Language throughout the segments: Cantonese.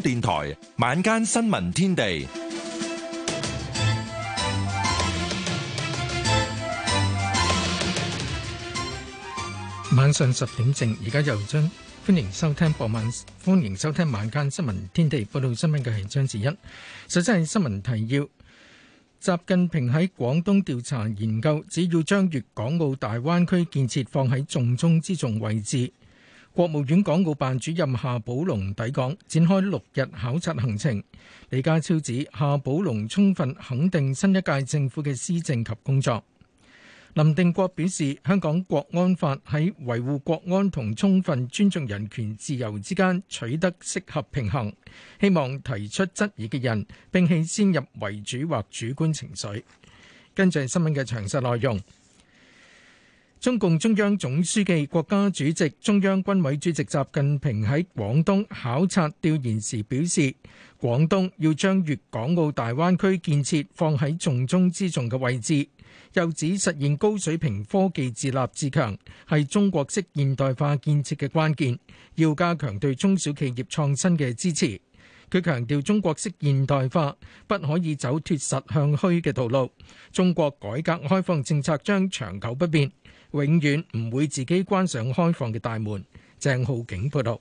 電台晚間新聞天地，晚上十點正，而家又將歡迎收聽播晚歡迎收聽晚間新聞天地。報道新聞嘅係張志欣，首先係新聞提要：習近平喺廣東調查研究，只要將粵港澳大灣區建設放喺重中之重位置。國務院港澳辦主任夏寶龍抵港展開六日考察行程。李家超指夏寶龍充分肯定新一屆政府嘅施政及工作。林定國表示，香港國安法喺維護國安同充分尊重人權自由之間取得適合平衡，希望提出質疑嘅人摒棄先入為主或主觀情緒。跟住新聞嘅詳細內容。中共中央總書記、國家主席、中央軍委主席習近平喺廣東考察調研時表示，廣東要將粵港澳大灣區建設放喺重中之重嘅位置。又指實現高水平科技自立自強係中國式現代化建設嘅關鍵，要加強對中小企業創新嘅支持。佢強調，中國式現代化不可以走脫實向虛嘅道路。中國改革開放政策將長久不變。永遠唔會自己關上開放嘅大門。鄭浩景報道。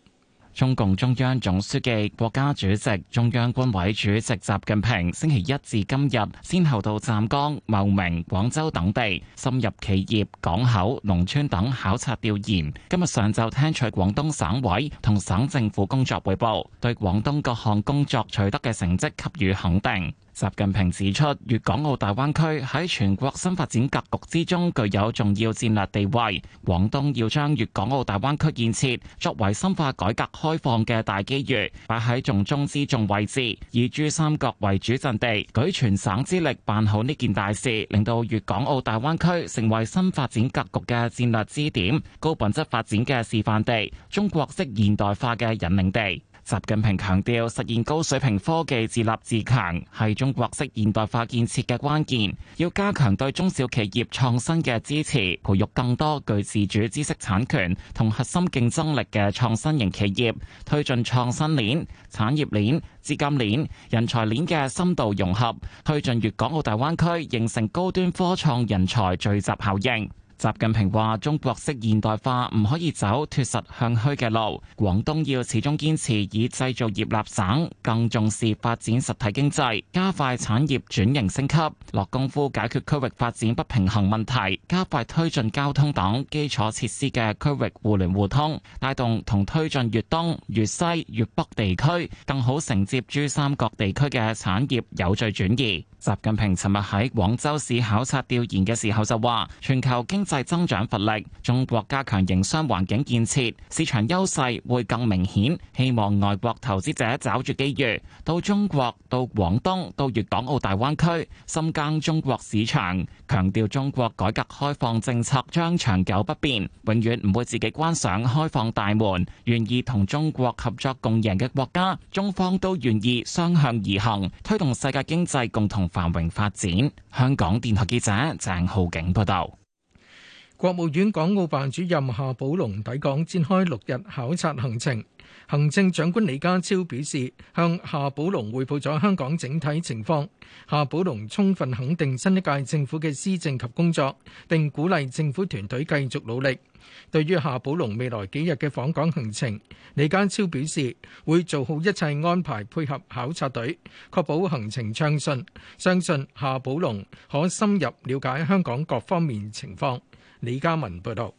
中共中央總書記、國家主席、中央軍委主席習近平星期一至今日先後到湛江、茂名、廣州等地，深入企業、港口、農村等考察調研。今日上晝聽取廣東省委同省政府工作匯報，對廣東各項工作取得嘅成績給予肯定。習近平指出，粵港澳大灣區喺全國新發展格局之中具有重要戰略地位。廣東要將粵港澳大灣區建設作為深化改革開放嘅大機遇，擺喺重中之重位置，以珠三角為主陣地，舉全省之力辦好呢件大事，令到粵港澳大灣區成為新發展格局嘅戰略支點、高品質發展嘅示範地、中國式現代化嘅引領地。習近平強調，實現高水平科技自立自強係中國式現代化建設嘅關鍵，要加強對中小企業創新嘅支持，培育更多具自主知識產權同核心競爭力嘅創新型企業，推進創新鏈、產業鏈、資金鏈、人才鏈嘅深度融合，推進粵港澳大灣區形成高端科創人才聚集效應。習近平話：中國式現代化唔可以走脫實向虛嘅路，廣東要始終堅持以製造業立省，更重視發展實體經濟，加快產業轉型升級，落功夫解決區域發展不平衡問題，加快推進交通等基礎設施嘅區域互聯互通，帶動同推進粵東、粵西、粵北地區更好承接珠三角地區嘅產業有序轉移。習近平尋日喺廣州市考察調研嘅時候就話：全球經濟增長乏力，中國加強營商環境建設，市場優勢會更明顯。希望外國投資者抓住機遇，到中國、到廣東、到粵港澳大灣區深耕中國市場。強調中國改革開放政策將長久不變，永遠唔會自己關上開放大門。願意同中國合作共贏嘅國家，中方都願意雙向而行，推動世界經濟共同。繁榮發展。香港電台記者鄭浩景報道，國務院港澳辦主任夏寶龍抵港展開六日考察行程。行政長官李家超表示，向夏寶龍匯報咗香港整體情況。夏寶龍充分肯定新一屆政府嘅施政及工作，並鼓勵政府團隊繼續努力。對於夏寶龍未來幾日嘅訪港行程，李家超表示會做好一切安排，配合考察隊，確保行程暢順。相信夏寶龍可深入瞭解香港各方面情況。李嘉文報道。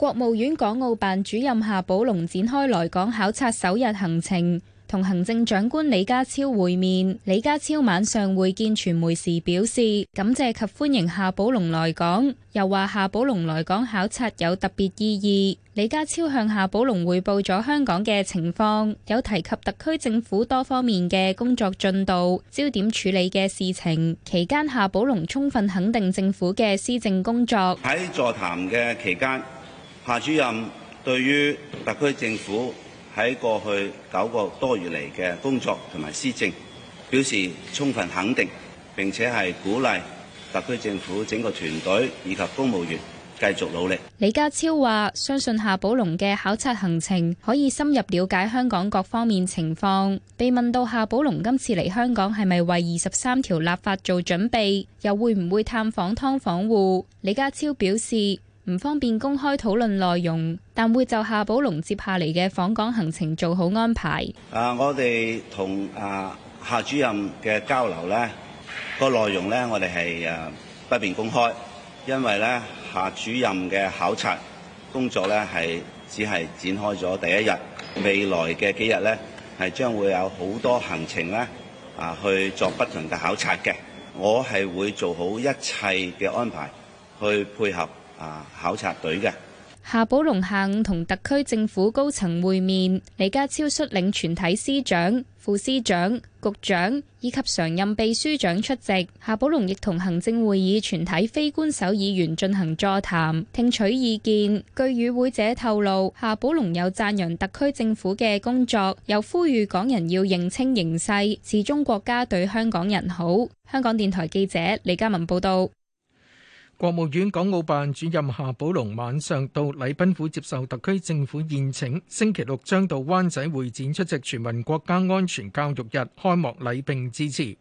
國務院港澳辦主任夏寶龍展開來港考察首日行程，同行政長官李家超會面。李家超晚上會見傳媒時表示，感謝及歡迎夏寶龍來港，又話夏寶龍來港考察有特別意義。李家超向夏寶龍匯報咗香港嘅情況，有提及特區政府多方面嘅工作進度、焦點處理嘅事情。期間，夏寶龍充分肯定政府嘅施政工作。喺座談嘅期間。夏主任對於特區政府喺過去九個多月嚟嘅工作同埋施政表示充分肯定，並且係鼓勵特區政府整個團隊以及公務員繼續努力。李家超話：相信夏寶龍嘅考察行程可以深入了解香港各方面情況。被問到夏寶龍今次嚟香港係咪為二十三條立法做準備，又會唔會探訪劏房戶？李家超表示。唔方便公開討論內容，但會就夏寶龍接下嚟嘅訪港行程做好安排。啊，我哋同啊夏主任嘅交流咧，個內容咧，我哋係誒不便公開，因為咧夏主任嘅考察工作咧係只係展開咗第一日，未來嘅幾日咧係將會有好多行程咧啊，去作不同嘅考察嘅。我係會做好一切嘅安排去配合。啊！考察隊嘅夏寶龍下午同特區政府高層會面，李家超率領全體司長副司長局長以及常任秘書長出席。夏寶龍亦同行政會議全體非官守議員進行座談聽取意見，據與會者透露，夏寶龍又讚揚特區政府嘅工作，又呼籲港人要認清形勢，始終國家對香港人好。香港電台記者李嘉文報道。國務院港澳辦主任夏寶龍晚上到禮賓府接受特區政府宴請，星期六將到灣仔會展出席全民國家安全教育日開幕禮並致辭。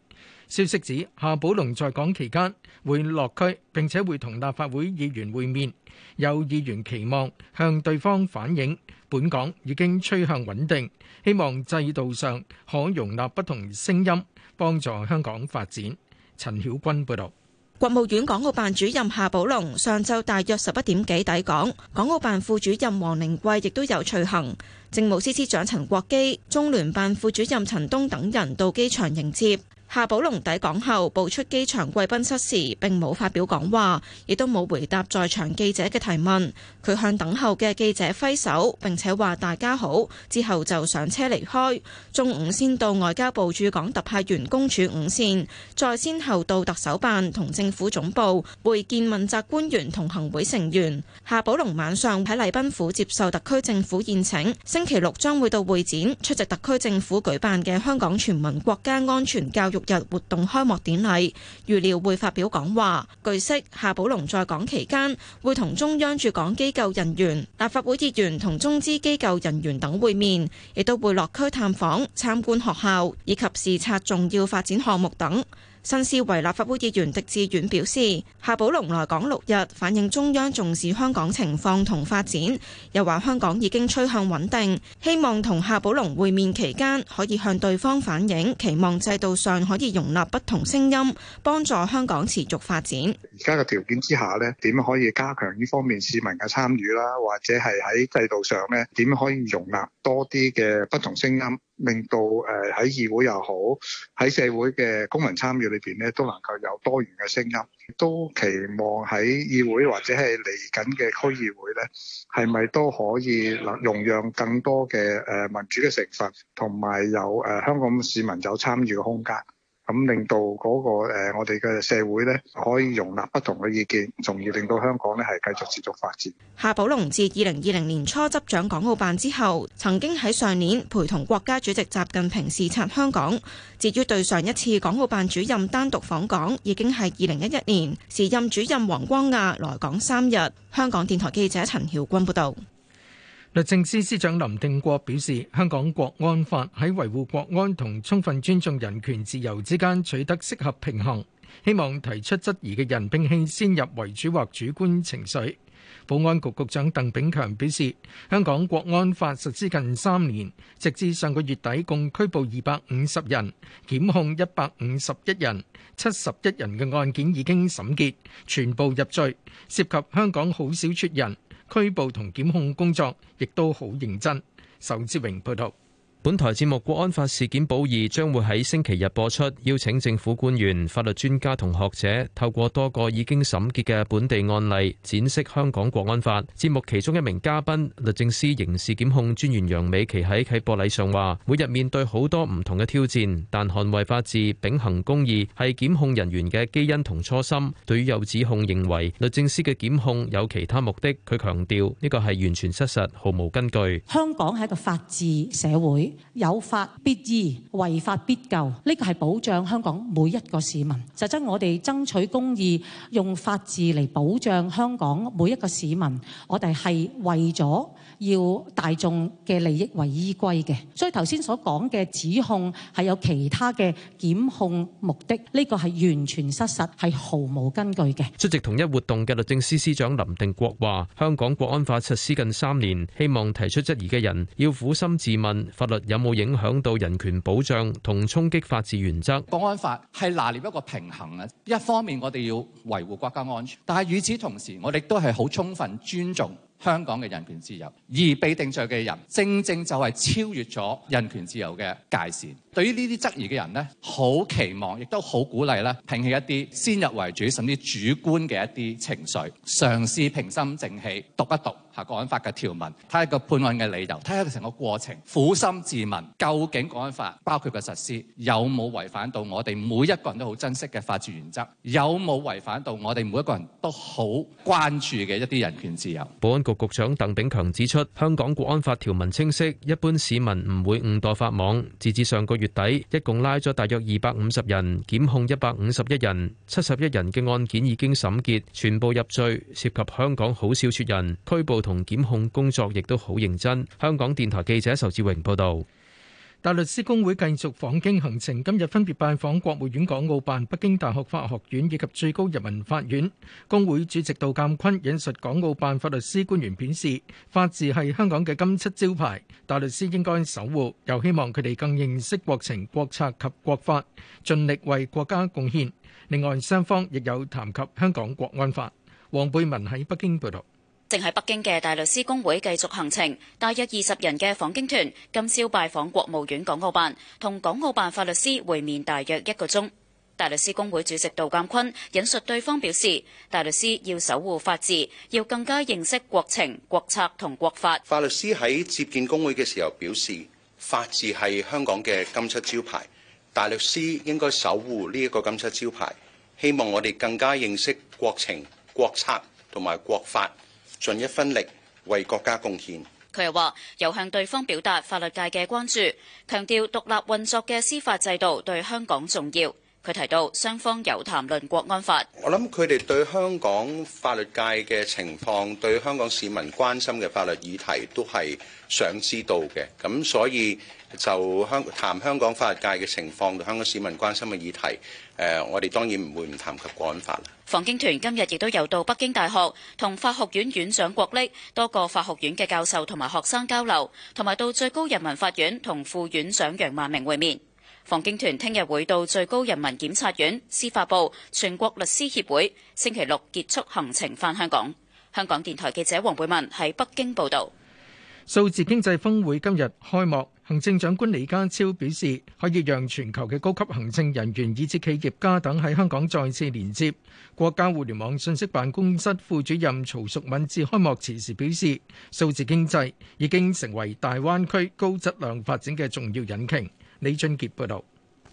消息指，夏寶龍在港期間會落區，並且會同立法會議員會面。有議員期望向對方反映，本港已經趨向穩定，希望制度上可容納不同聲音，幫助香港發展。陳曉君報道。國務院港澳辦主任夏寶龍上晝大約十一點幾抵港，港澳辦副主任王靈桂亦都有隨行，政務司司長陳國基、中聯辦副主任陳東等人到機場迎接。夏寶龍抵港後步出機場貴賓室時並冇發表講話，亦都冇回答在場記者嘅提問，佢向等候嘅記者揮手，並且話大家好，之後就上車離開，中午先到外交部駐港特派員公署午膳，再先後到特首辦同政府總部會見問責官員同行會成員。夏寶龍晚上喺禮賓府接受特區政府宴請，星期六將會到會展出席特區政府舉辦嘅香港全民國家安全教育。日活動開幕典禮預料會發表講話。據悉，夏寶龍在港期間會同中央駐港機構人員、立法會議員同中資機構人員等會面，亦都會落區探訪、參觀學校以及視察重要發展項目等。新思維立法會議員狄志遠表示，夏寶龍來港六日，反映中央重視香港情況同發展，又話香港已經趨向穩定，希望同夏寶龍會面期間可以向對方反映，期望制度上可以容納不同聲音，幫助香港持續發展。令到誒喺、呃、議會又好，喺社會嘅公民參與裏邊咧，都能夠有多元嘅聲音，都期望喺議會或者係嚟緊嘅區議會咧，係咪都可以能容讓更多嘅誒、呃、民主嘅成分，同埋有誒、呃、香港市民有參與嘅空間？咁令到嗰個誒，我哋嘅社會咧可以容納不同嘅意見，從而令到香港咧係繼續持續發展。夏寶龍自二零二零年初執掌港澳辦之後，曾經喺上年陪同國家主席習近平視察香港。至於對上一次港澳辦主任單獨訪港，已經係二零一一年，時任主任王光亞來港三日。香港電台記者陳曉君報道。律政司司長林定國表示，香港國安法喺維護國安同充分尊重人權自由之間取得適合平衡，希望提出質疑嘅人摒棄先入為主或主觀情緒。保安局局長鄧炳強表示，香港國安法實施近三年，直至上個月底共拘捕二百五十人，檢控一百五十一人，七十一人嘅案件已經審結，全部入罪，涉及香港好少撮人。拘捕同檢控工作亦都好認真。仇志榮報道。本台節目《國安法事件簿二》將會喺星期日播出，邀請政府官員、法律專家同學者，透過多個已經審結嘅本地案例，展示香港國安法。節目其中一名嘉賓，律政司刑事檢控專員楊美琪喺啟播禮上話，每日面對好多唔同嘅挑戰，但捍衛法治、秉行公義係檢控人員嘅基因同初心。對於有指控認為律政司嘅檢控有其他目的，佢強調呢個係完全失實，毫無根據。香港係一個法治社會。有法必依，違法必究，呢個係保障香港每一個市民。實質我哋爭取公義，用法治嚟保障香港每一個市民。我哋係為咗要大眾嘅利益為依歸嘅。所以頭先所講嘅指控係有其他嘅檢控目的，呢個係完全失實，係毫無根據嘅。出席同一活動嘅律政司司長林定國話：香港國安法實施近三年，希望提出質疑嘅人要苦心自問，法律，有冇影響到人權保障同衝擊法治原則？國安法係拿捏一個平衡啊！一方面我哋要維護國家安全，但係與此同時，我哋都係好充分尊重香港嘅人權自由。而被定罪嘅人，正正就係超越咗人權自由嘅界線。對於呢啲質疑嘅人呢，好期望亦都好鼓勵咧，摒棄一啲先入為主甚至主觀嘅一啲情緒，嘗試平心靜氣讀一讀下《國安法》嘅條文，睇下個判案嘅理由，睇下成個過程，苦心自問，究竟《國安法》包括嘅實施有冇違反到我哋每一個人都好珍惜嘅法治原則，有冇違反到我哋每一個人都好關注嘅一啲人權自由？保安局局長鄧炳強指出，香港《國安法》條文清晰，一般市民唔會誤墮法網。截至上個月底一共拉咗大約二百五十人，檢控一百五十一人，七十一人嘅案件已經審結，全部入罪，涉及香港好少說人，拘捕同檢控工作亦都好認真。香港電台記者仇志榮報道。大律師公會繼續訪京行程，今日分別拜訪國務院港澳辦、北京大學法學院以及最高人民法院。公會主席杜鑑坤引述港澳辦法律師官員表示，法治係香港嘅金漆招牌，大律師應該守護，又希望佢哋更認識國情、國策及國法，盡力為國家貢獻。另外，雙方亦有談及香港國安法。黃貝文喺北京報道。正喺北京嘅大律師公會繼續行程，大約二十人嘅訪京團今朝拜訪國務院港澳辦，同港澳辦法律師會面大約一個鐘。大律師公會主席杜鑒坤引述對方表示，大律師要守護法治，要更加認識國情、國策同國法。法律師喺接見公會嘅時候表示，法治係香港嘅金漆招牌，大律師應該守護呢一個金漆招牌，希望我哋更加認識國情、國策同埋國法。盡一分力為國家貢獻。佢又話，又向對方表達法律界嘅關注，強調獨立運作嘅司法制度對香港重要。佢提到雙方有談論國安法。我諗佢哋對香港法律界嘅情況，對香港市民關心嘅法律議題都係想知道嘅。咁所以就香談香港法律界嘅情況，香港市民關心嘅議題，誒、呃，我哋當然唔會唔談及國安法啦。訪京團今日亦都有到北京大學，同法學院院長郭力多個法學院嘅教授同埋學生交流，同埋到最高人民法院同副院長楊萬明會面。訪京團聽日會到最高人民檢察院、司法部、全國律師協會，星期六結束行程返香港。香港電台記者黃貝文喺北京報導。數字經濟峯會今日開幕，行政長官李家超表示，可以讓全球嘅高級行政人員以至企業家等喺香港再次連接。國家互聯網信息辦公室副主任曹淑敏致開幕辭時表示，數字經濟已經成為大灣區高質量發展嘅重要引擎。李俊杰報道，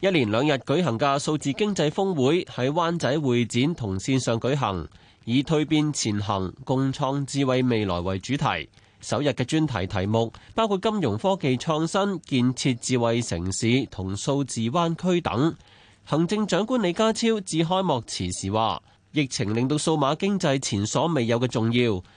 一連兩日舉行嘅數字經濟峰會喺灣仔會展同線上舉行，以蛻變前行，共創智慧未來為主題。首日嘅專題題目包括金融科技創新、建設智慧城市同數字灣區等。行政長官李家超致開幕詞時話：疫情令到數碼經濟前所未有嘅重要。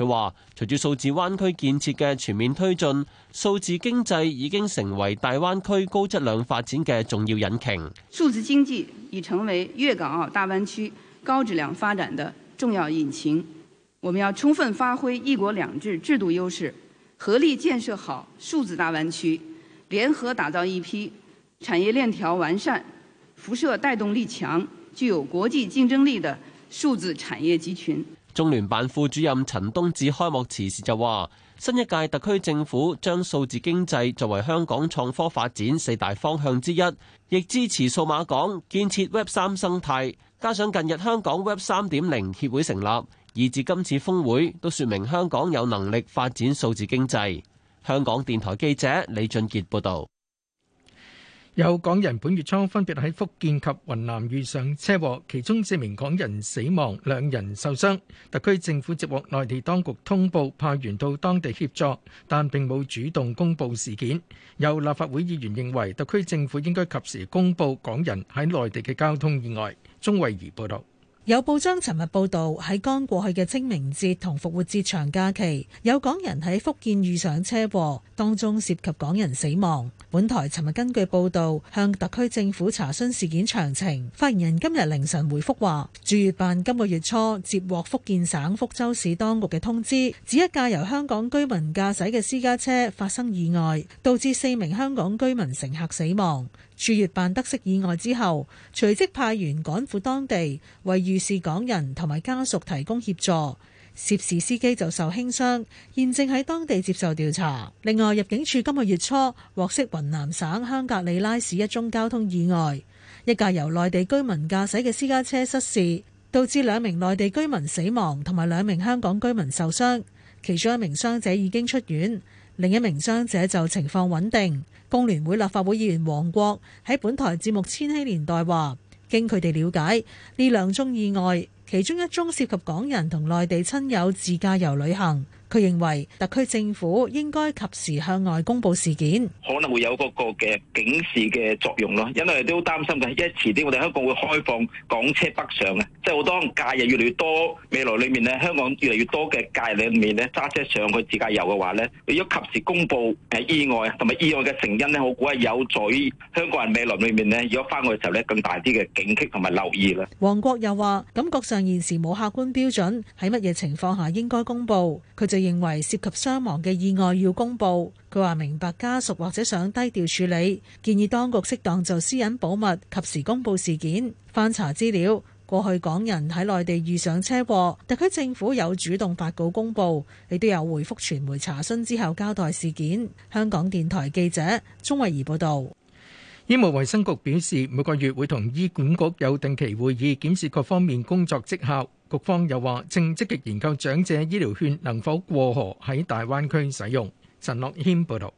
佢話：隨住數字灣區建設嘅全面推進，數字經濟已經成為大灣區高質量發展嘅重要引擎。數字經濟已成為粵港澳大灣區高質量發展的重要引擎。我們要充分發揮一國兩制制度優勢，合力建設好數字大灣區，聯合打造一批產業鏈條完善、輻射帶動力強、具有國際競爭力的數字產業集群。中聯辦副主任陳東志開幕詞時就話：新一屆特區政府將數字經濟作為香港創科發展四大方向之一，亦支持數碼港建設 Web 三生態。加上近日香港 Web 三點零協會成立，以至今次峰會，都説明香港有能力發展數字經濟。香港電台記者李俊傑報導。有港人本月初分別喺福建及雲南遇上車禍,其中四名港人死亡,兩人受傷。特區政府接獲內地當局通報派員到當地協助,但並冇主動公布事件。有立法會議員認為特區政府應該及時公布港人喺內地嘅交通意外,鍾慧儀報道。有報章尋日報道，喺剛過去嘅清明節同復活節長假期，有港人喺福建遇上車禍，當中涉及港人死亡。本台尋日根據報道，向特區政府查詢事件詳情，發言人今日凌晨回復話，駐粵辦今個月初接獲福建省福州市當局嘅通知，指一架由香港居民駕駛嘅私家車發生意外，導致四名香港居民乘客死亡。駐越辦得悉意外之後，隨即派員趕赴當地，為遇事港人同埋家屬提供協助。涉事司機就受輕傷，現正喺當地接受調查。另外，入境處今個月初獲悉雲南省香格里拉市一宗交通意外，一架由內地居民駕駛嘅私家車失事，導致兩名內地居民死亡同埋兩名香港居民受傷，其中一名傷者已經出院。另一名傷者就情況穩定。工聯會立法會議員黃國喺本台節目《千禧年代》話，經佢哋了解，呢兩宗意外，其中一宗涉及港人同內地親友自駕遊旅行。佢認為特區政府應該及時向外公布事件，可能會有嗰個嘅警示嘅作用咯，因為都好擔心嘅。一遲啲，我哋香港會開放港車北上嘅，即係好多假日越嚟越多。未來裏面咧，香港越嚟越多嘅假日裏面咧，揸車上去自駕遊嘅話咧，如果及時公布誒意外同埋意外嘅成因咧，我估係有助於香港人未來裏面咧，如果翻去嘅時候咧，更大啲嘅警惕同埋留意啦。黃國又話：感覺上現時冇客觀標準喺乜嘢情況下應該公布，佢就認為涉及傷亡嘅意外要公布。佢話明白家屬或者想低調處理，建議當局適當就私隱保密，及時公布事件。翻查資料，過去港人喺內地遇上車禍，特區政府有主動發稿公布，亦都有回復傳媒查詢之後交代事件。香港電台記者鍾慧儀報道。醫務衛生局表示，每個月會同醫管局有定期會議，檢視各方面工作績效。局方又話，正積極研究長者醫療券能否過河喺大灣區使用。陳樂軒報導。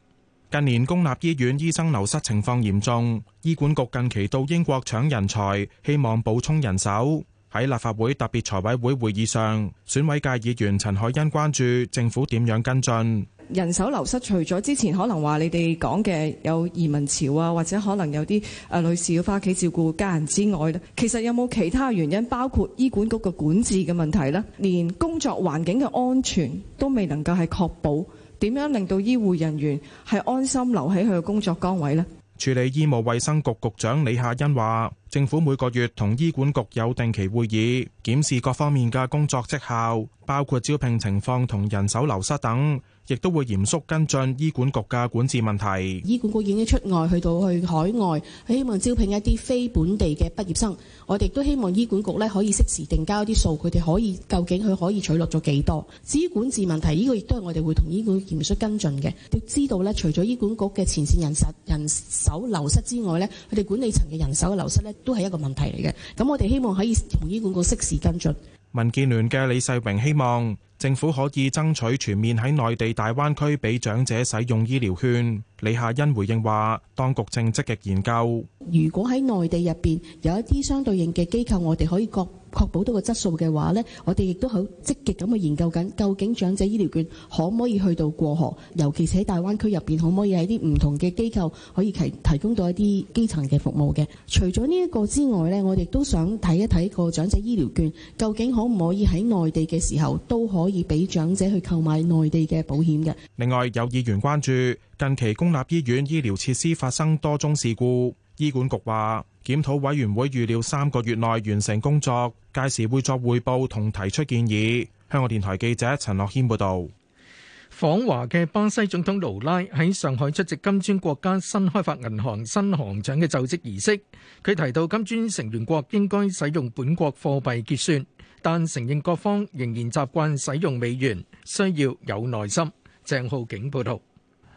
近年公立醫院醫生流失情況嚴重，醫管局近期到英國搶人才，希望補充人手。喺立法會特別財委會會議上，選委界議員陳海欣關注政府點樣跟進。人手流失，除咗之前可能話你哋講嘅有移民潮啊，或者可能有啲誒女士要翻屋企照顧家人之外咧，其實有冇其他原因？包括醫管局嘅管治嘅問題咧，連工作環境嘅安全都未能夠係確保，點樣令到醫護人員係安心留喺佢嘅工作崗位咧？處理醫務衛生局局局長李夏欣話。政府每個月同醫管局有定期會議，檢視各方面嘅工作績效，包括招聘情況同人手流失等，亦都會嚴肅跟進醫管局嘅管治問題。醫管局已經出外去到去海外，希望招聘一啲非本地嘅畢業生。我哋都希望醫管局呢，可以適時定交一啲數，佢哋可以究竟佢可以取落咗幾多？至於管治問題，呢個亦都係我哋會同醫管局嚴肅跟進嘅。要知道呢，除咗醫管局嘅前線人實人手流失之外呢，佢哋管理層嘅人手嘅流失咧，都係一個問題嚟嘅，咁我哋希望可以同醫管局適時跟進。民建聯嘅李世榮希望政府可以爭取全面喺內地大灣區俾長者使用醫療券。李夏欣回應話：當局正積極研究，如果喺內地入邊有一啲相對應嘅機構，我哋可以各。確保到個質素嘅話呢，我哋亦都好積極咁去研究緊，究竟長者醫療券可唔可以去到過河，尤其係喺大灣區入邊，可唔可以喺啲唔同嘅機構可以提提供到一啲基層嘅服務嘅？除咗呢一個之外呢，我哋都想睇一睇個長者醫療券，究竟可唔可以喺內地嘅時候都可以俾長者去購買內地嘅保險嘅？另外有議員關注。近期公立醫院醫療設施發生多宗事故，醫管局話檢討委員會預料三個月內完成工作，屆時會作匯報同提出建議。香港電台記者陳樂謙報道。訪華嘅巴西總統盧拉喺上海出席金磚國家新開發銀行新行長嘅就職儀式。佢提到，金磚成員國應該使用本國貨幣結算，但承認各方仍然習慣使用美元，需要有耐心。鄭浩景報道。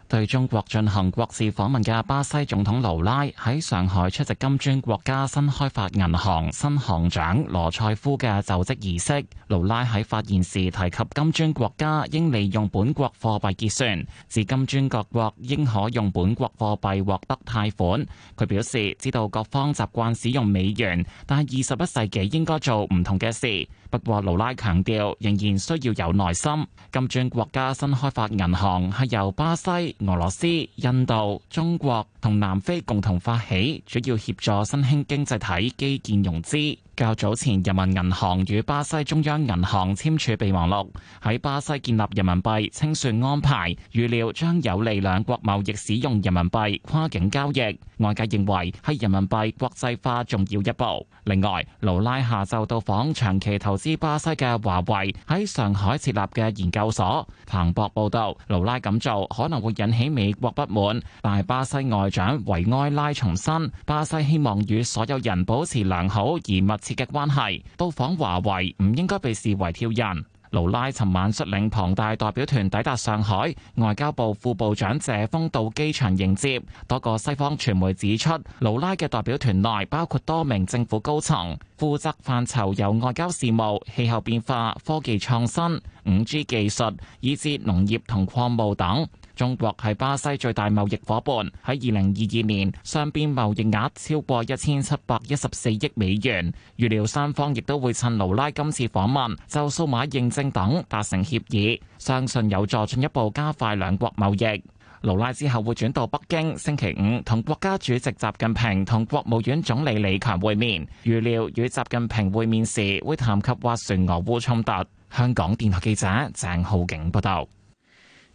對中國進行國事訪問嘅巴西總統盧拉喺上海出席金磚國家新開發銀行新行長羅塞夫嘅就職儀式。盧拉喺發言時提及，金磚國家應利用本國貨幣結算，指金磚各國應可用本國貨幣獲得貸款。佢表示，知道各方習慣使用美元，但係二十一世紀應該做唔同嘅事。不過，盧拉強調仍然需要有耐心。金磚國家新開發銀行係由巴西、俄羅斯、印度、中國同南非共同發起，主要協助新興經濟體基建融資。較早前，人民銀行與巴西中央銀行簽署備忘錄，喺巴西建立人民幣清算安排，預料將有利兩國貿易使用人民幣跨境交易。外界認為係人民幣國際化重要一步。另外，盧拉下晝到訪長期投資巴西嘅華為喺上海設立嘅研究所。彭博報道，盧拉咁做可能會引起美國不滿。但係巴西外長維埃拉重申，巴西希望與所有人保持良好而密。刺激關係，到訪華為唔應該被視為挑釁。盧拉尋晚率領龐大代表團抵達上海，外交部副部長謝鋒到機場迎接。多個西方傳媒指出，盧拉嘅代表團內包括多名政府高層，負責範疇有外交事務、氣候變化、科技創新、五 G 技術以至農業同礦物等。中國係巴西最大貿易伙伴，喺二零二二年雙邊貿易額超過一千七百一十四億美元。預料三方亦都會趁盧拉今次訪問就數碼認證等達成協議，相信有助進一步加快兩國貿易。盧拉之後會轉到北京，星期五同國家主席習近平同國務院總理李強會面。預料與習近平會面時會談及斡旋俄烏衝突。香港電台記者鄭浩景報道。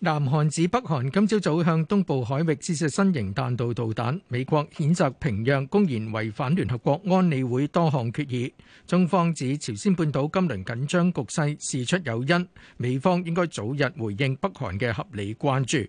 南韓指北韓今朝早向東部海域試射新型彈道導彈，美國譴責平壤公然違反聯合國安理會多項決議。中方指朝鮮半島今輪緊張局勢事出有因，美方應該早日回應北韓嘅合理關注。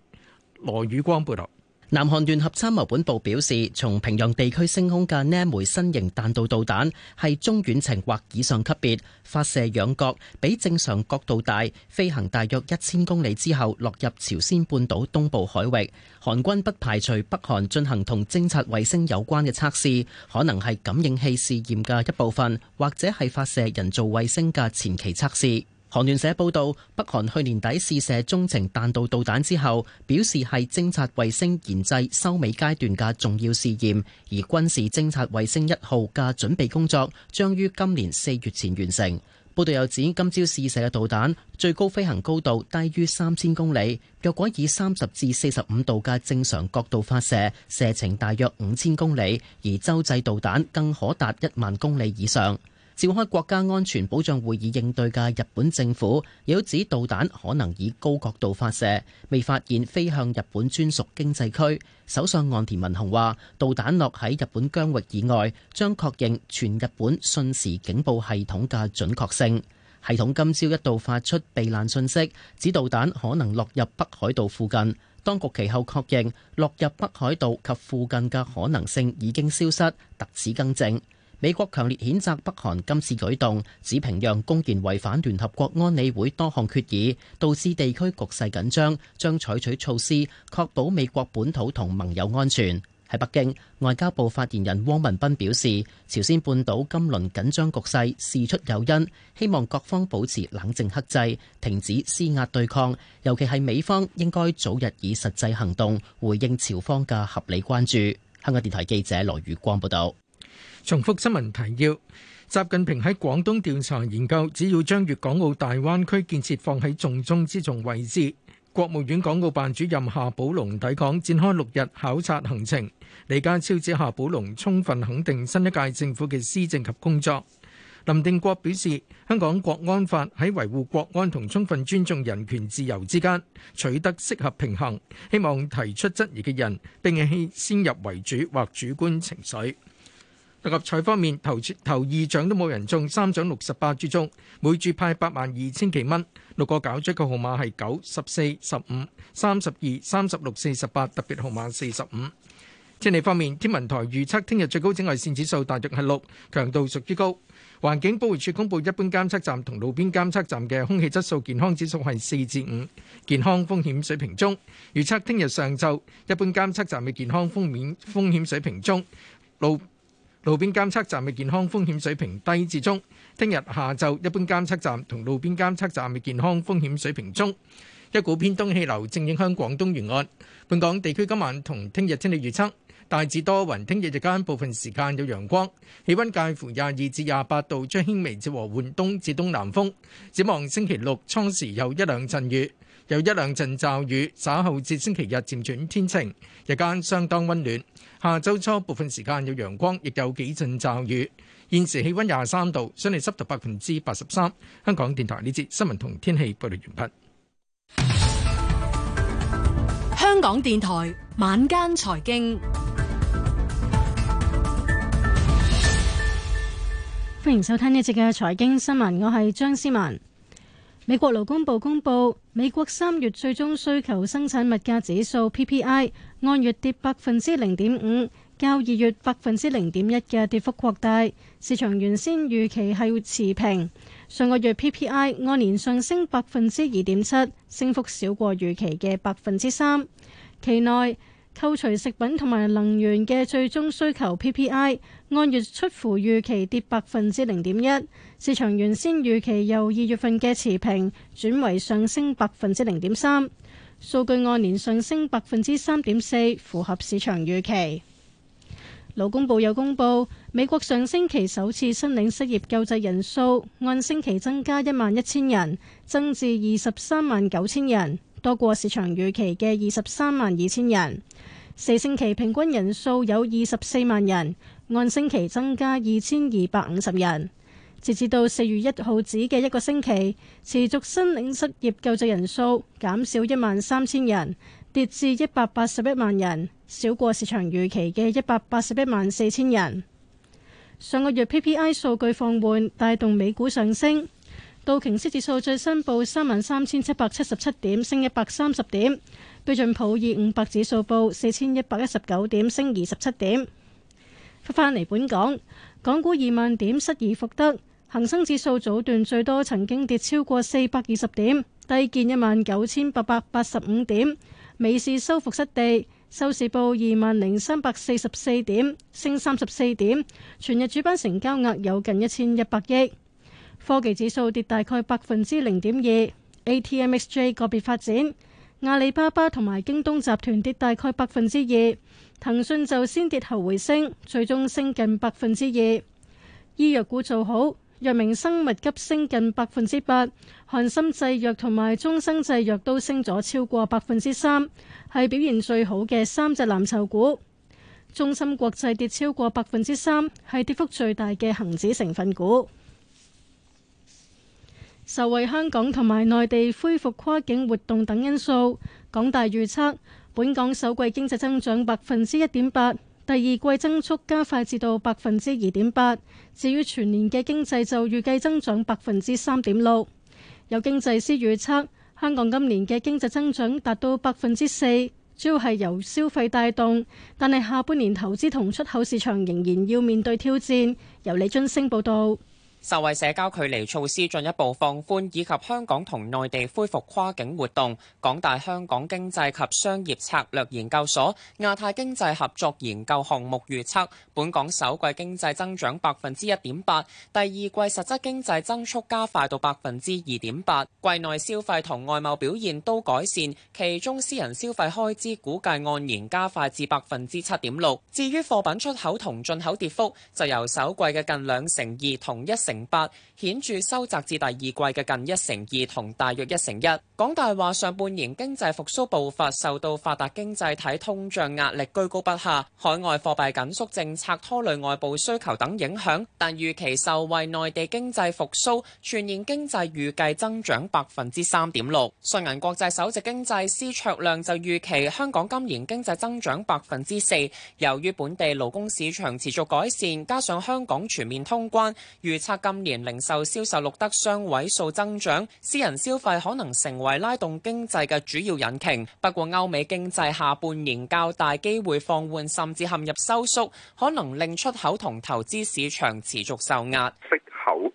羅宇光報道。南韓聯合參謀本部表示，從平壤地區升空嘅呢枚新型彈道導彈係中遠程或以上級別，發射仰角比正常角度大，飛行大約一千公里之後落入朝鮮半島東部海域。韓軍不排除北韓進行同偵察衛星有關嘅測試，可能係感應器試驗嘅一部分，或者係發射人造衛星嘅前期測試。韓聯社報道，北韓去年底試射中程彈道導彈之後，表示係偵察衛星研製收尾階段嘅重要試驗，而軍事偵察衛星一號嘅準備工作將於今年四月前完成。報道又指，今朝試射嘅導彈最高飛行高度低於三千公里，若果以三十至四十五度嘅正常角度發射，射程大約五千公里，而洲際導彈更可達一萬公里以上。召開國家安全保障會議應對嘅日本政府，有指導彈可能以高角度發射，未發現飛向日本專屬經濟區。首相岸田文雄話，導彈落喺日本疆域以外，將確認全日本瞬時警報系統嘅準確性。系統今朝一度發出避難信息，指導彈可能落入北海道附近。當局其後確認，落入北海道及附近嘅可能性已經消失，特此更正。美國強烈譴責北韓今次舉動，指平壤公然違反聯合國安理會多項決議，導致地區局勢緊張，將採取措施確保美國本土同盟友安全。喺北京，外交部發言人汪文斌表示，朝鮮半島今輪緊張局勢事出有因，希望各方保持冷靜克制，停止施壓對抗，尤其係美方應該早日以實際行動回應朝方嘅合理關注。香港電台記者羅宇光報道。重複新聞提要：習近平喺廣東調查研究，只要將粵港澳大灣區建設放喺重中之重位置。國務院港澳辦主任夏寶龍抵港展開六日考察行程。李家超指夏寶龍充分肯定新一屆政府嘅施政及工作。林定國表示，香港國安法喺維護國安同充分尊重人權自由之間取得適合平衡，希望提出質疑嘅人併係先入為主或主觀情緒。六合彩方面，頭頭二獎都冇人中，三獎六十八注中，每注派八萬二千幾蚊。六個搞出嘅號碼係九、十四、十五、三十二、三十六、四十八，特別號碼四十五。天氣方面，天文台預測聽日最高紫外線指數大約係六，強度屬於高。環境保護署公布，一般監測站同路邊監測站嘅空氣質素健康指數係四至五，健康風險水平中。預測聽日上晝，一般監測站嘅健康風險風險水平中，路。路邊監測站嘅健康風險水平低至中，聽日下晝一般監測站同路邊監測站嘅健康風險水平中。一股偏東氣流正影響廣東沿岸，本港地區今晚同聽日天氣預測大致多雲，聽日日間部分時間有陽光，氣溫介乎廿二至廿八度，將輕微至和緩東至東南風。展望星期六，初時有一兩陣雨。有一兩陣驟雨，稍後至星期日漸轉天晴，日間相當溫暖。下周初部分時間有陽光，亦有幾陣驟雨。現時氣溫廿三度，相對濕度百分之八十三。香港電台呢節新聞同天氣報道完畢。香港電台晚間財經，歡迎收聽呢節嘅財經新聞，我係張思文。美國勞工部公布，美國三月最終需求生產物價指數 PPI 按月跌百分之零點五，較二月百分之零點一嘅跌幅擴大。市場原先預期係持平。上個月 PPI 按年上升百分之二點七，升幅少過預期嘅百分之三。期內扣除食品同埋能源嘅最終需求 PPI，按月出乎預期跌百分之零點一，市場原先預期由二月份嘅持平轉為上升百分之零點三，數據按年上升百分之三點四，符合市場預期。勞工部又公布美國上星期首次申領失業救濟人數，按星期增加一萬一千人，增至二十三萬九千人。多過市場預期嘅二十三萬二千人，四星期平均人數有二十四萬人，按星期增加二千二百五十人。截至到四月一號止嘅一個星期，持續申領失業救濟人數減少一萬三千人，跌至一百八十一萬人，少過市場預期嘅一百八十一萬四千人。上個月 PPI 數據放緩，帶動美股上升。道瓊斯指數最新報三萬三千七百七十七點，升一百三十點。標準普爾五百指數報四千一百一十九點，升二十七點。翻返嚟本港，港股二萬點失而復得，恒生指數早段最多曾經跌超過四百二十點，低見一萬九千八百八十五點，尾市收復失地，收市報二萬零三百四十四點，升三十四點。全日主板成交額有近一千一百億。科技指數跌大概百分之零點二，A T M X J 個別發展，阿里巴巴同埋京東集團跌大概百分之二，騰訊就先跌後回升，最終升近百分之二。醫藥股做好，藥明生物急升近百分之八，翰森製藥同埋中生製藥都升咗超過百分之三，係表現最好嘅三隻藍籌股。中芯國際跌超過百分之三，係跌幅最大嘅恒指成分股。受惠香港同埋內地恢復跨境活動等因素，港大預測本港首季經濟增長百分之一點八，第二季增速加快至到百分之二點八。至於全年嘅經濟就預計增長百分之三點六。有經濟師預測香港今年嘅經濟增長達到百分之四，主要係由消費帶動，但係下半年投資同出口市場仍然要面對挑戰。由李津升報導。受惠社交距離措施進一步放寬，以及香港同內地恢復跨境活動，港大香港經濟及商業策略研究所亞太經濟合作研究項目預測，本港首季經濟增長百分之一點八，第二季實質經濟增速加快到百分之二點八，季內消費同外貿表現都改善，其中私人消費開支估計按年加快至百分之七點六。至於貨品出口同進口跌幅，就由首季嘅近兩成二同一成八顯著收窄至第二季嘅近一成二同大約一成一。港大話上半年經濟復甦步伐受到發達經濟體通脹壓力居高不下、海外貨幣緊縮政策拖累外部需求等影響，但預期受惠內地經濟復甦，全年經濟預計增長百分之三點六。信銀國際首席經濟師卓亮就預期香港今年經濟增長百分之四，由於本地勞工市場持續改善，加上香港全面通關，預測，今年零售銷售錄得雙位數增長，私人消費可能成為拉動經濟嘅主要引擎。不過，歐美經濟下半年較大機會放緩，甚至陷入收縮，可能令出口同投資市場持續受壓。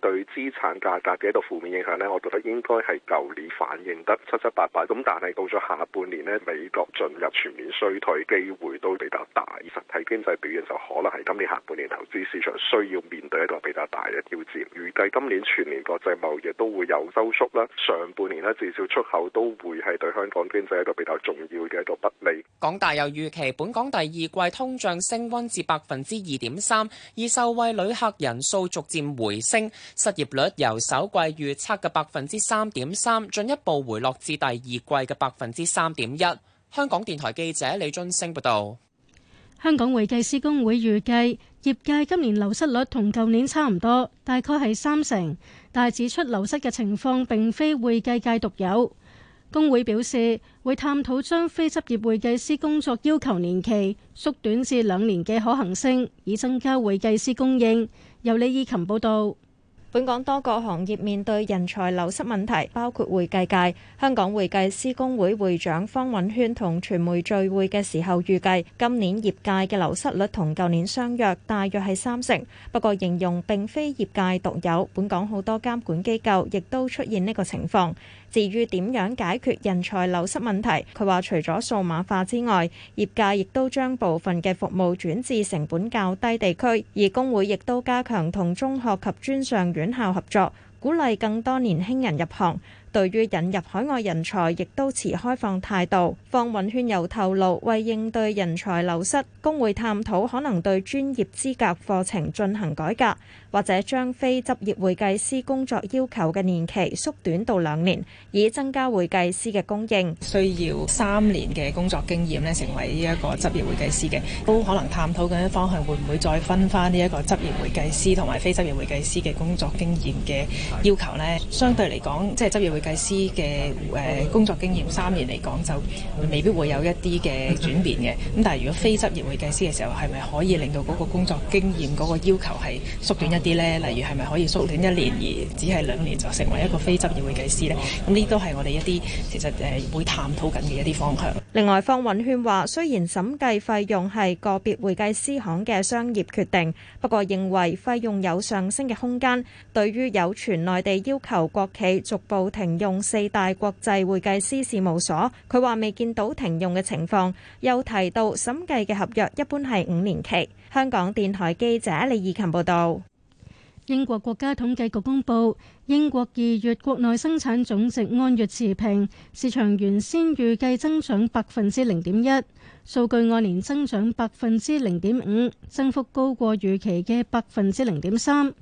對資產價格嘅一個負面影響呢，我覺得應該係舊年反映得七七八八咁，但係到咗下半年呢，美國進入全面衰退機會都比較大，實體經濟表現就可能係今年下半年投資市場需要面對一個比較大嘅挑戰。預計今年全年國際貿易都會有收縮啦，上半年呢至少出口都會係對香港經濟一個比較重要嘅一個不利。港大又預期本港第二季通脹升溫至百分之二點三，而受惠旅客人數逐漸回升。失業率由首季預測嘅百分之三點三進一步回落至第二季嘅百分之三點一。香港電台記者李俊升報道，香港會計師公會預計業界今年流失率同舊年差唔多，大概係三成，但指出流失嘅情況並非會計界獨有。公會表示會探討將非執業會計師工作要求年期縮短至兩年嘅可行性，以增加會計師供應。由李義琴報道。本港多個行業面對人才流失問題，包括會計界。香港會計施工會會計師公會會長方允軒同傳媒聚會嘅時候預計，今年業界嘅流失率同舊年相若，大約係三成。不過，形容並非業界獨有，本港好多監管機構亦都出現呢個情況。至於點樣解決人才流失問題，佢話除咗數碼化之外，業界亦都將部分嘅服務轉至成本較低地區，而工會亦都加強同中學及專上院校合作，鼓勵更多年輕人入行。對於引入海外人才，亦都持開放態度。方蘊萱又透露，為應對人才流失，公會探討可能對專業資格課程進行改革，或者將非執業會計師工作要求嘅年期縮短到兩年，以增加會計師嘅供應。需要三年嘅工作經驗咧，成為呢一個執業會計師嘅，都可能探討緊方向，會唔會再分翻呢一個執業會計師同埋非執業會計師嘅工作經驗嘅要求呢？相對嚟講，即係執業會計計師嘅誒工作經驗三年嚟講就未必會有一啲嘅轉變嘅，咁但係如果非執業會計師嘅時候，係咪可以令到嗰個工作經驗嗰個要求係縮短一啲咧？例如係咪可以縮短一年而只係兩年就成為一個非執業會計師咧？咁呢都係我哋一啲其實誒會探討緊嘅一啲方向。另外，方允勸話，雖然審計費用係個別會計師行嘅商業決定，不過認為費用有上升嘅空間，對於有傳內地要求國企逐步停。停用四大國際會計師事務所，佢話未見到停用嘅情況。又提到審計嘅合約一般係五年期。香港電台記者李義勤報道。英國國家統計局公布，英國二月國內生產總值按月持平，市場原先預計增長百分之零點一，數據按年增長百分之零點五，增幅高過預期嘅百分之零點三。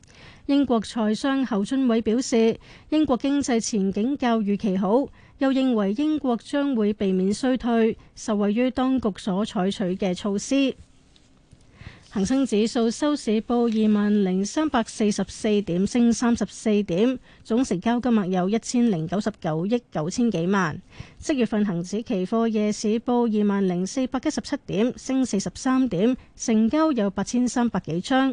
英國財商侯俊偉表示，英國經濟前景較預期好，又認為英國將會避免衰退，受惠於當局所採取嘅措施。恒生指數收市報二萬零三百四十四點，升三十四點，總成交金額有一千零九十九億九千幾萬。七月份恒指期貨夜市報二萬零四百一十七點，升四十三點，成交有八千三百幾張。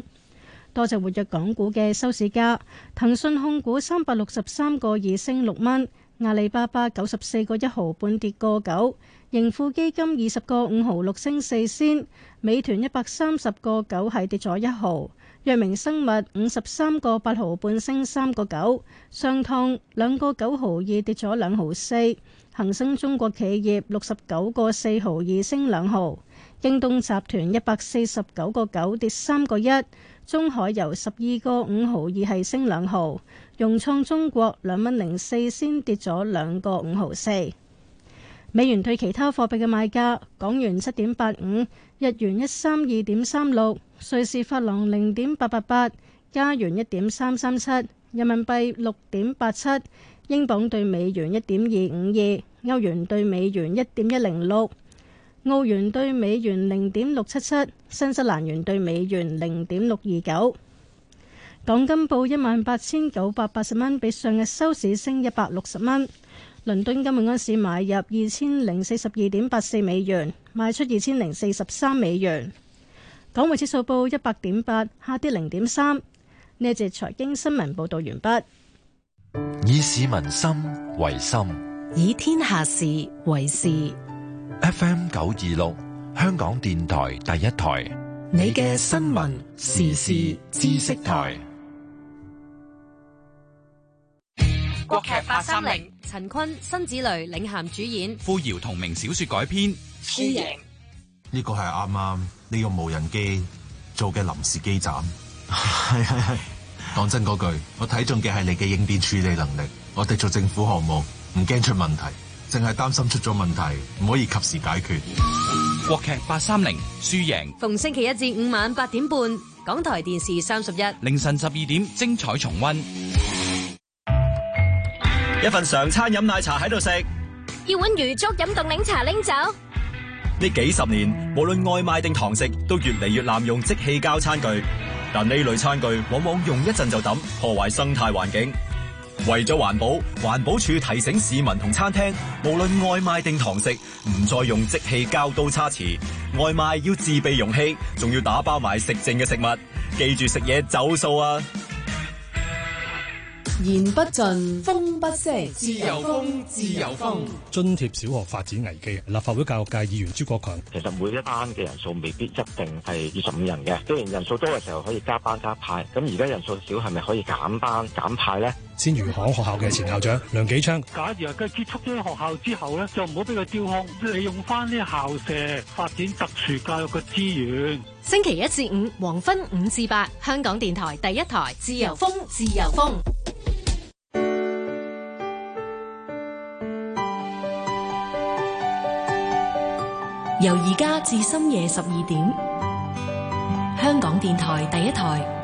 多隻活躍港股嘅收市價，騰訊控股三百六十三個二升六蚊，阿里巴巴九十四個一毫半跌個九，盈富基金二十個五毫六升四仙，美團一百三十個九係跌咗一毫，藥明生物五十三個八毫半升三個九，商湯兩個九毫二跌咗兩毫四，恒生中國企業六十九個四毫二升兩毫，京東集團一百四十九個九跌三個一。中海油十二個五毫二係升兩毫，融創中國兩蚊零四先跌咗兩個五毫四。美元兌其他貨幣嘅賣價：港元七點八五，日元一三二點三六，瑞士法郎零點八八八，加元一點三三七，人民幣六點八七，英鎊兌美元一點二五二，歐元兌美元一點一零六。澳元兌美元零點六七七，新西蘭元兌美元零點六二九。港金報一萬八千九百八十蚊，比上日收市升一百六十蚊。倫敦金每盎司買入二千零四十二點八四美元，賣出二千零四十三美元。港匯指數報一百點八，下跌零點三。呢節財經新聞報道完畢。以市民心為心，以天下事為事。F M 九二六香港電台第一台，你嘅新聞時事知識台。國劇八三零，陳坤、辛芷蕾領銜主演，付遙同名小說改編，輸贏。呢個係啱啱你用無人機做嘅臨時基站？係係係，講真嗰句，我睇中嘅係你嘅應變處理能力，我哋做政府項目唔驚出問題，淨係擔心出咗問題，唔可以及時解決。國劇八三零輸贏，逢星期一至五晚八點半，港台電視三十一，凌晨十二點精彩重溫。一份常餐飲奶茶喺度食，要碗魚粥飲凍檸茶拎走。呢幾十年，無論外賣定堂食，都越嚟越濫用即棄膠餐具，但呢類餐具往往用一陣就抌，破壞生態環境。為咗環保，環保署提醒市民同餐廳，無論外賣定堂食，唔再用即棄膠刀叉匙。外賣要自備容器，仲要打包埋食剩嘅食物。記住食嘢走塑啊！言不盡，風不息，自由風，自由風。津貼小學發展危機，立法會教育界議員朱國強。其實每一班嘅人數未必一定係二十五人嘅。既然人數多嘅時候可以加班加派，咁而家人數少係咪可以減班減派咧？先鮮魚行學校嘅前校長梁紀昌，假如啊，佢結束咗學校之後咧，就唔好俾佢丟空，利用翻呢校舍發展特殊教育嘅資源。星期一至五黃昏五至八，香港電台第一台自由風，自由風。由而家至深夜十二點，香港電台第一台。